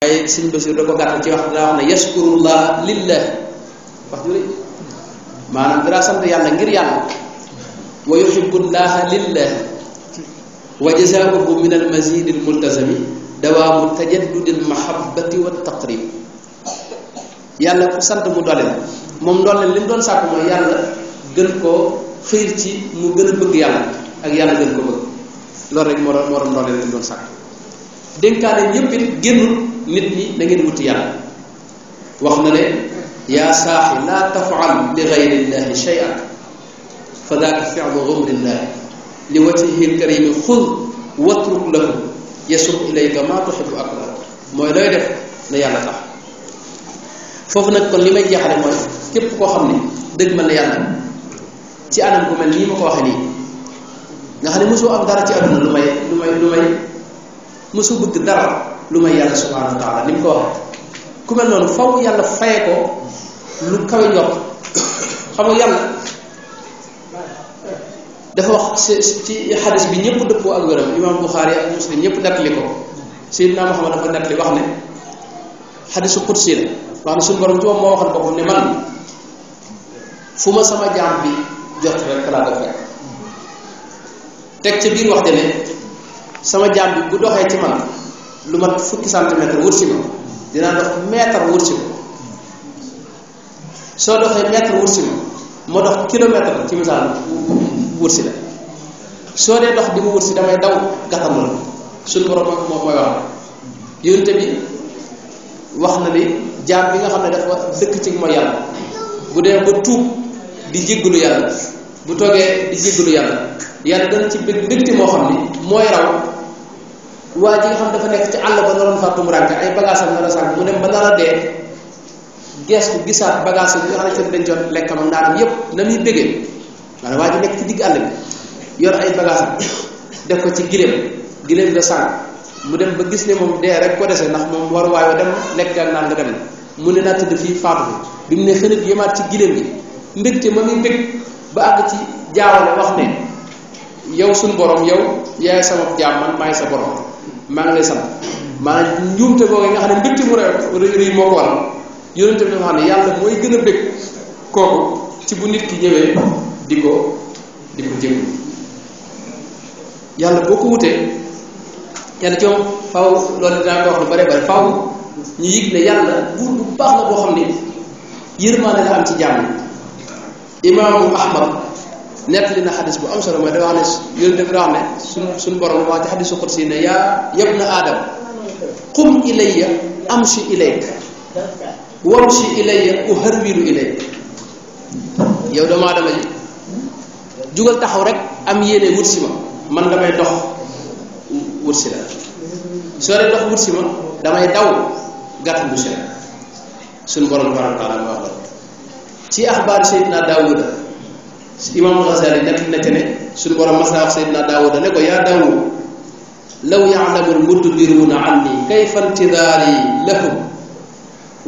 ay sëñ Basiir da ko gàttal ci wax daa wax ne yaskurullah lillah wax ju manam dara sant yalla ngir yalla wa yuhibullaha lillah wa jazaahu min al mazid almazidi almultazami dawaamu tajaddudi mahabbati wat taqrib yalla ko sant mu doole mom moom lim li mu doon sàkk mooy yàlla gën ko xeyr ci mu gën bëgg yalla ak yalla gën ko bëgg lool rek mo doon mo doon doole lim mu doon sàkk dénkaane yépp it génnul nit ñi da ngeen wuti yàlla wax na ne yaa saaxi laa tafaal li gayri illahi cheyan fa daaka filu gumrillahi li wajhihi lkarimi xud watruk lahu yasub ilayka maa tuxibu ak la mooy looy def na yàlla tax foofu nag kon li may jeexale mooy képp koo xam ne dëgg ma la yàlla ci anam bu mel nii ma ko waxee nii nga xam ne mosoo am dara ci àdduna lu may lu may lu may mësoo bëgg dara lu may yàlla subhanahu wa ko ku mel noonu faw yàlla faye ko lu kawe njort xam nga yàlla dafa wax ci xadis bi ñëpp dëppoo ak wéram imam Buxaari ak muslim ñëpp nettali ko Seydina Muhammad dafa nettali wax ne xadisu qudsi la wax ne suñu borom ci moom moo waxal boppam ne man fu ma sama jaam bi jot rek laa def teg ca biir wax ja sama jaam bi bu doxee ci man lu mat fukki centimètre wër si ma dinaa dox mètre wër si ma soo doxee mètre wër ma ma dox kilomètre ci misaal wër si la soo dee dox di ma wër si damay daw gàttamu la suñu borom moom mooy wax yonte bi wax na ni jaam bi nga xam ne dafa dëkk ci mooy yàlla bu dee ba tuub di jéggalu yàlla bu toogee di jéggalu yàlla yàlla dana ci bëgg mbégte moo xam ni mooy raw waa ji nga xam dafa nekk ci àll ba naroon fàttu mu ay bagages am nar a sànq dem ba nar ko gisaat bagages yi dañ jot lekkam ak ndaanam yépp na muy bëggee maanaam waa nekk ci digg àll yor ay bagages am def ko ci gileem gileem la sànq mu dem ba gis ne moom dee rek ko dese ndax moom war waayo dem lekk ak naan nga dem mu ne naa tëdd fii faatu bi mu ne yemaat ci gileem gi mbégte ma muy ba àgg ci jaawale wax yow suñu borom yow yaay sama jaam man may sa borom maa ngi lay sant maanaam njuumte nga ne mbégte mu rëy rëy ko waral yonente xam ne yàlla mooy gën a bég kooku ci bu nit ki ñëwee di ko di ko jëm yàlla boo ko wutee yàlla ci faw loolu dinaa ko wax lu bare bare faw ñu yëg ne yàlla buur bu baax la boo xam ne yërmaane la am ci jàmm imaamu ahmad نقلنا حدث بأمسر مدوانس يلدبران سنبر المواتي حدث قرسينا يا ابن آدم قم إلي أمشي إليك وامشي إلي أهرمل إليك يا دم آدم جوجل تحرك أم يني ورسما من لم يدخ ورسلا سؤال الله ورسما لما يدعو قتل بشر سنبر المواتي حدث بأمسر المواتي تي أخبار سيدنا داود imaamul Xasaali nekk na te ne suñu borom masaax Seydina Daawuda ne ko yaa Daawud law ya'lamul mudabbiruuna anni kayfa intidaari lahum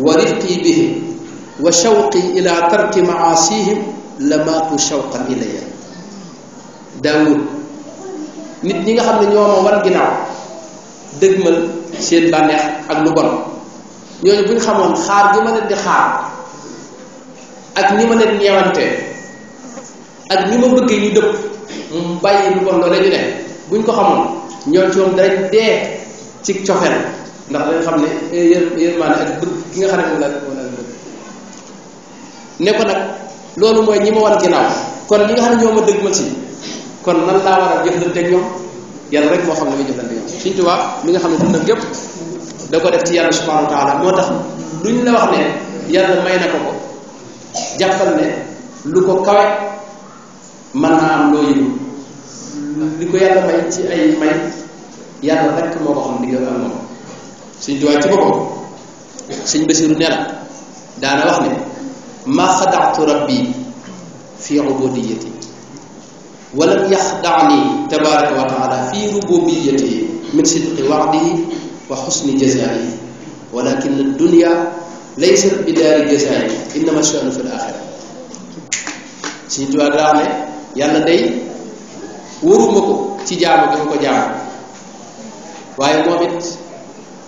wa rifqi bihim wa shawqi ila tarki maasihim la maatu shawqan ilayya nit ñi nga xam ne ñoo ma war ginnaaw gi ma leen di xaar ak ni ma leen ñeewante ak ñi ma bëggee ñu dëpp mu bàyyi lu bon loolu ñu ne buñ ko xamoon ñoom ci moom dara dee ci cofeel ndax dañ xam ne eh, yër yërmaane ak bëgg ki nga xam ne moom laa moom laa nag loolu mooy ñi ma war a kon ñi nga xam ne ñoo ma dëgg ma ci kon nan laa war a jëflanteeg ñoom yàlla rek moo xam ne muy jëflante ñoom Sëriñ Tuubaa mi nga xam ne dundam yëpp da ko def ci yàlla subhanahu wa taala moo tax lu ñu la wax ne yàlla may na ko ko jàppal ne lu ko kawe mën naa am loo yëgul li ko yàlla may ci ay may yàlla rekk moo ko xam di nga ak moom suñ duwaay ci boppam suñ basiru nee na daana wax ne ma xadaatu rabbi fi ubudiyati ولم يخدعني تبارك وتعالى في ربوبيته من صدق وعده وحسن جزائه ولكن الدنيا ليست بدار جزائه انما الشان في الاخره سيدو الله yàlla day waruma ko ci jaano gi ko jaamu waaye moom it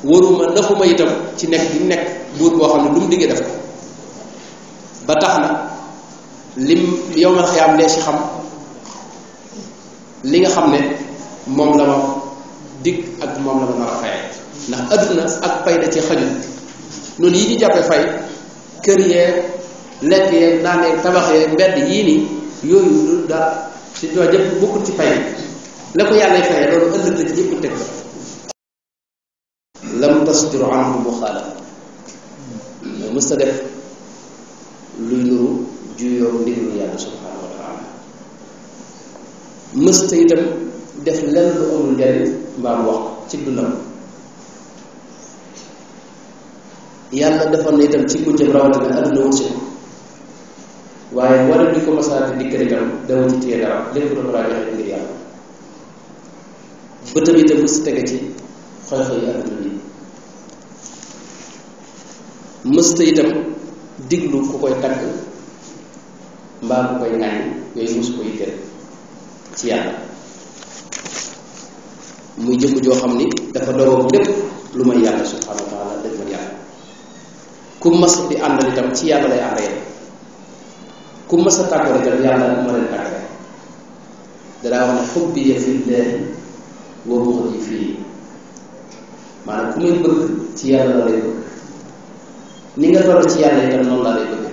waruma naxuma itam ci nekk di nekk buur boo xam ne lu mu def ko ba tax na lim yow ma xayaam lee si xam li nga xam ne moom la ma dig ak moom la ma nar a fayee ndax adduna ak pay da ci xajul noonu yi ñu jàppe fay kër yee lekk yee naan yee tabax yee mbedd yii nii yooyu loolu daal si doon jëpp bokkul ci fay la ko yàlla fayee loolu ëllëg la ci yëpp teg la lam tasdir anhu muxaalaf mooy mës def luy nuru juyoo ndigalu yàlla subhanahu wa taala mës itam def lenn lu amul mbaam wax ci dundam yàlla defoon na itam ci mujjam rawatina adduna wërsëg waaye wala di ko masaa di këriñam dawa ci téye dara lépp dafa daa joxe ngir yàlla bëtam itam mës tege ci xew-xew yi àdduna bi mës itam diglu ku koy tagg mbaa ku koy ŋañ yooyu mës koy yitteel ci yàlla muy jëmm joo xam ni dafa dogoog lépp lu may yàlla subhanahu wa taala dëgg ma yàlla ku mas di àndal itam ci yàlla lay àndee ku mës a tàggoo rek yàlla moo leen tàggoo danaa wax ne xubbiya fillahi wa bughdi fii maanaam ku may bëgg ci yàlla la lay bëgg ni nga toll ci yàlla itam noonu laa lay bëgg